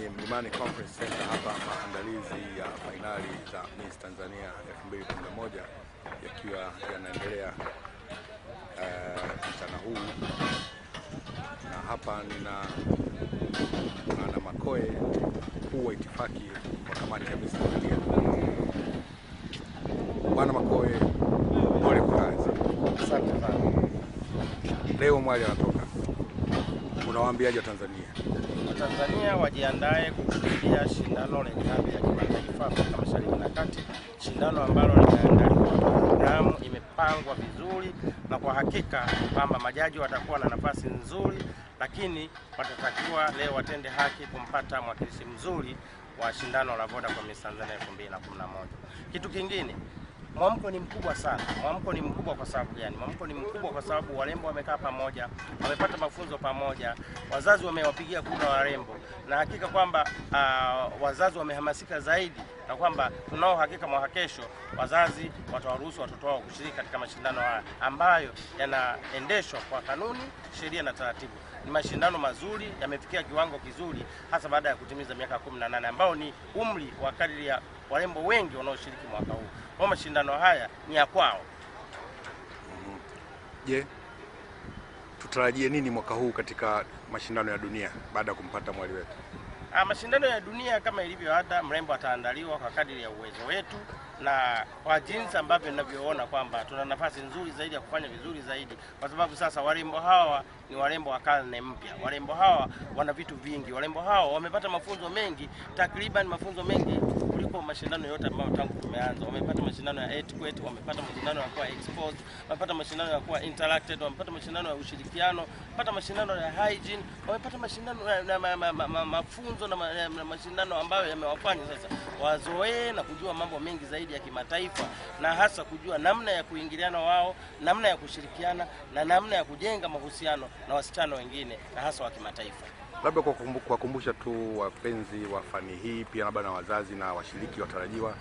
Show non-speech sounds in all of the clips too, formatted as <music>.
ni Mlimani Conference Center hapa, maandalizi ya fainali za Miss Tanzania 2011 yakiwa yanaendelea eh, mchana uh, huu, na hapa nina na Makoe, mkuu wa itifaki wa kamati ya Miss Tanzania. Bwana Makoe, pole kwa kazi. Asante sana. Leo mwali anatoka unawaambiaje Watanzania? Watanzania wajiandae kuhudhuria shindano la klabu ya kimataifa Afrika Mashariki na Kati, shindano ambalo limeandaliwa, programu imepangwa vizuri, na kwa hakika kwamba majaji watakuwa na nafasi nzuri, lakini watatakiwa leo watende haki kumpata mwakilishi mzuri wa shindano la Vodacom Tanzania 2011. Kitu kingine Mwamko ni mkubwa sana. Mwamko ni mkubwa kwa sababu gani? Mwamko ni mkubwa kwa sababu warembo wamekaa pamoja, wamepata mafunzo pamoja, wazazi wamewapigia kura warembo, na hakika kwamba uh, wazazi wamehamasika zaidi na kwamba tunao hakika mwaka kesho wazazi watawaruhusu watoto wao kushiriki katika mashindano haya ambayo yanaendeshwa kwa kanuni, sheria na taratibu. Ni mashindano mazuri, yamefikia kiwango kizuri, hasa baada ya kutimiza miaka 18 ambao ni umri wa kadiri ya warembo wengi wanaoshiriki mwaka huu kwa mashindano haya ni ya kwao. Mm-hmm. Je, yeah. Tutarajie nini mwaka huu katika mashindano ya dunia baada ya kumpata mwali wetu? Ah, mashindano ya dunia kama ilivyo ada, mrembo ataandaliwa kwa kadiri ya uwezo wetu na kwa jinsi ambavyo ninavyoona kwamba tuna nafasi nzuri zaidi ya kufanya vizuri zaidi, kwa sababu sasa warembo hawa ni warembo wa karne mpya. Warembo hawa wana vitu vingi. Warembo hawa wamepata mafunzo mengi, takriban mafunzo mengi wapo mashindano yote ambayo tangu tumeanza, wamepata mashindano ya etiquette, wamepata mashindano ya kuwa exposed, wamepata mashindano ya kuwa interacted, wamepata mashindano ya ushirikiano, wamepata mashindano ya hygiene, wamepata mashindano na ma, ma, ma, ma, mafunzo ma, na mashindano ambayo yamewafanya sasa wazoee na kujua mambo mengi zaidi ya kimataifa, na hasa kujua namna ya kuingiliana wao, namna ya kushirikiana na namna ya kujenga mahusiano na wasichana wengine na hasa wa kimataifa labda kwa kuwakumbusha tu wapenzi wa fani hii pia labda na wazazi na washiriki watarajiwa,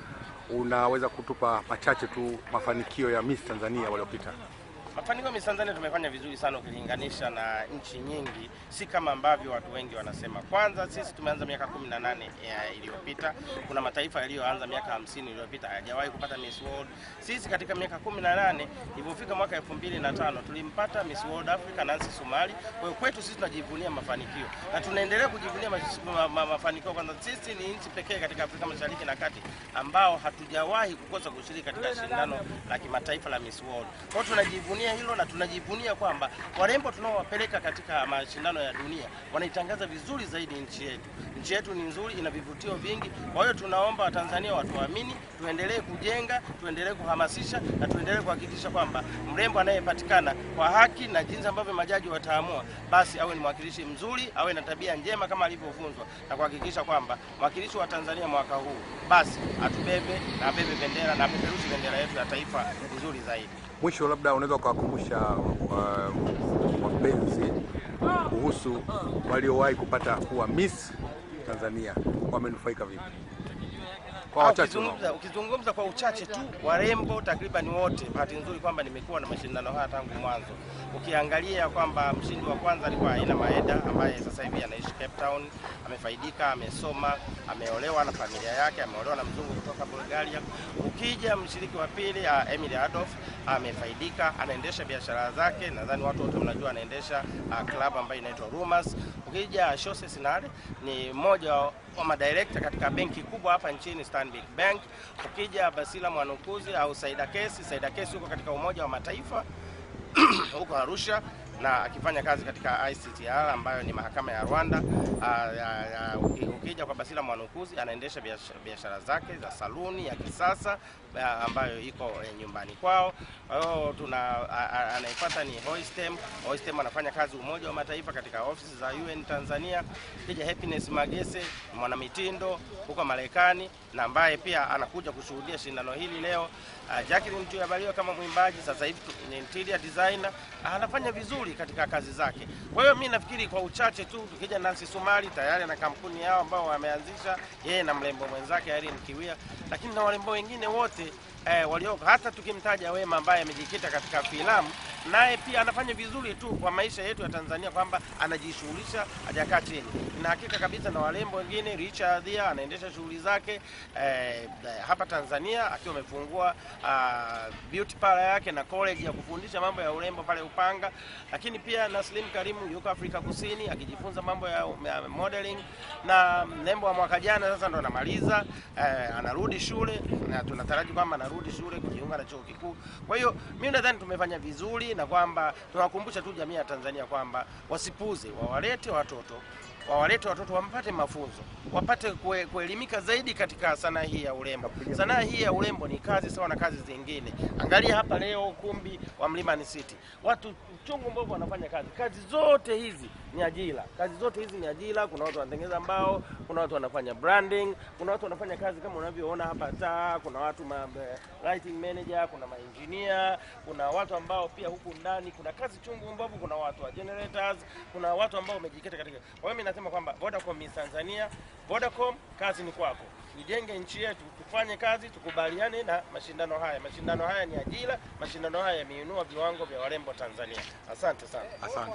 unaweza kutupa machache tu mafanikio ya Miss Tanzania waliopita? Mafanikio ya Miss Tanzania tumefanya vizuri sana ukilinganisha na nchi nyingi, si kama ambavyo watu wengi wanasema. Kwanza sisi tumeanza miaka 18 eh, iliyopita, kuna mataifa yaliyoanza miaka 50 iliyopita hayajawahi kupata Miss World. Sisi katika miaka 18 ilipofika mwaka 2005 tulimpata Miss World Africa Nancy Sumali. Kwa hiyo kwetu sisi tunajivunia mafanikio na tunaendelea kujivunia mafanikio. Kwanza sisi ni nchi pekee katika Afrika Mashariki na Kati ambao hatujawahi kukosa kushiriki katika shindano la kimataifa la Miss World. Kwa hiyo tunajivunia tunajivunia hilo na tunajivunia kwamba warembo tunaowapeleka katika mashindano ya dunia wanaitangaza vizuri zaidi nchi yetu. Nchi yetu ni nzuri, ina vivutio vingi. Kwa hiyo tunaomba Watanzania watuamini, tuendelee kujenga, tuendelee kuhamasisha na tuendelee kuhakikisha kwamba mrembo anayepatikana kwa haki na jinsi ambavyo majaji wataamua, basi awe ni mwakilishi mzuri, awe na tabia njema kama alivyofunzwa, na kuhakikisha kwamba mwakilishi wa Tanzania mwaka huu basi atubebe na abebe bendera na apeperushi bendera yetu ya taifa nzuri zaidi. Mwisho labda unaweza kuwakumbusha uh, wapenzi kuhusu waliowahi kupata kuwa Miss Tanzania wamenufaika vipi? kwa wachache ukizungumza, ukizungumza kwa uchache tu warembo takriban wote. Bahati nzuri kwamba nimekuwa na mashindano haya tangu mwanzo, ukiangalia kwamba mshindi wa kwanza alikuwa Aina Maeda ambaye sasa hivi anaishi Cape Town, amefaidika, amesoma, ameolewa na familia yake, ameolewa na mzungu kutoka Bulgaria. Ukija mshiriki wa pili ah, Emily Adolf amefaidika, anaendesha biashara zake, nadhani watu wote mnajua anaendesha ah, club ambayo inaitwa Rumors. Ukija Shose Sinari ni mmoja wa madirekta katika benki kubwa hapa nchini Stanbic Bank. Ukija Basila Mwanukuzi au Saida Kesi, Saida Kesi yuko katika Umoja wa Mataifa <clears throat> huko Arusha na akifanya kazi katika ICTR ambayo ni mahakama ya Rwanda. Ah, ukija kwa Basila Mwanukuzi anaendesha biashara zake za saluni ya kisasa ambayo iko eh, nyumbani kwao. Kwa hiyo tuna anaifuata ni Hoistem. Hoistem anafanya kazi Umoja wa Mataifa katika ofisi za UN Tanzania. Kija Happiness Magese mwanamitindo huko Marekani na ambaye pia anakuja kushuhudia shindano hili leo. Ah, Jacqueline Tuyabalio kama mwimbaji, sasa hivi ni interior designer, ah, anafanya vizuri vizuri katika kazi zake. Kwa hiyo mimi nafikiri kwa uchache tu, tukija Nancy Sumari tayari na kampuni yao ambao wameanzisha yeye na mrembo mwenzake Irene Kiwia, lakini na warembo wengine wote eh, walioko, hata tukimtaja Wema ambaye amejikita katika filamu naye pia anafanya vizuri tu kwa maisha yetu ya Tanzania, kwamba anajishughulisha, hajakaa chini, na hakika kabisa na warembo wengine. Richard Dhia anaendesha shughuli zake eh, eh, hapa Tanzania akiwa amefungua uh, beauty parlor yake na college ya kufundisha mambo ya urembo pale Upanga, lakini pia na Slim Karimu yuko Afrika Kusini akijifunza mambo ya modeling, na nembo wa mwaka jana sasa ndo anamaliza eh, anarudi shule na tunataraji kwamba anarudi shule kujiunga na chuo kikuu. Kwa hiyo mimi nadhani tumefanya vizuri na kwamba tunawakumbusha tu jamii ya Tanzania kwamba wasipuze wawalete watoto wawalete watoto wampate mafunzo, wapate kuelimika kuelimika zaidi katika sanaa hii ya urembo. Sanaa hii ya urembo ni kazi sawa na kazi zingine. Angalia hapa leo ukumbi wa Mlimani City, watu chungu mbovu wanafanya kazi. Kazi zote hizi ni ajira, kazi zote hizi ni ajira. Kuna watu wanatengeneza mbao, kuna watu wanafanya branding, kuna watu wanafanya kazi kama unavyoona hapa taa, kuna watu ma, lighting manager, kuna maengineer, kuna watu ambao pia huku ndani kuna kazi chungu mbovu, kuna watu wa generators, kuna watu ambao wamejikita katika kwa hiyo nasema kwamba Vodacom ni Tanzania, Vodacom kazi ni kwako, tujenge nchi yetu, tufanye kazi, tukubaliane na mashindano haya. Mashindano haya ni ajira, mashindano haya yameinua viwango vya warembo Tanzania. Asante sana, asante.